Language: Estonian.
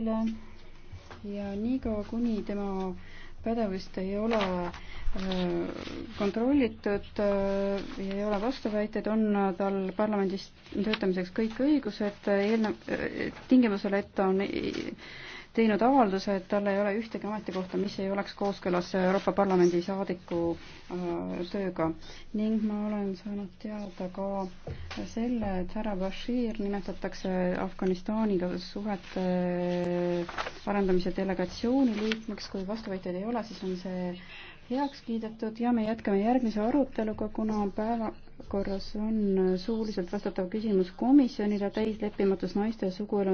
teile ja niikaua, kuni tema pädevust ei ole äh, kontrollitud, äh, ei ole vastuväiteid, on tal parlamendis töötamiseks kõik õigused, eelnev, äh, tingimusel, et ta on teinud avalduse, et tal ei ole ühtegi ametikohta, mis ei oleks kooskõlas Euroopa Parlamendi saadiku äh, tööga. ning ma olen saanud teada ka selle, et härra Bashir nimetatakse Afganistaniga suhete äh, arendamise delegatsiooni liikmeks, kui vastuväiteid ei ole, siis on see heaks kiidetud ja me jätkame järgmise aruteluga, kuna päevakorras on suuliselt vastatav küsimus komisjonile täisleppimatus naiste suguelu